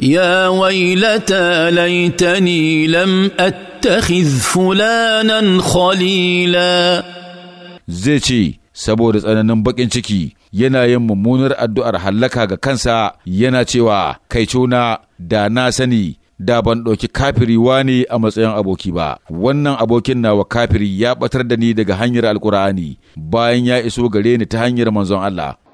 يا ويلتى ليتني لم اتخذ فلانا خليلا zai ce saboda tsananin baƙin ciki yana yin mummunar addu'ar hallaka ga kansa yana cewa kai cuna, da na sani da ban ɗauki kafiri ne a matsayin aboki ba wannan abokin nawa kafiri ya ɓatar da ni daga hanyar alkur'ani bayan ya iso gare ni ta hanyar manzon Allah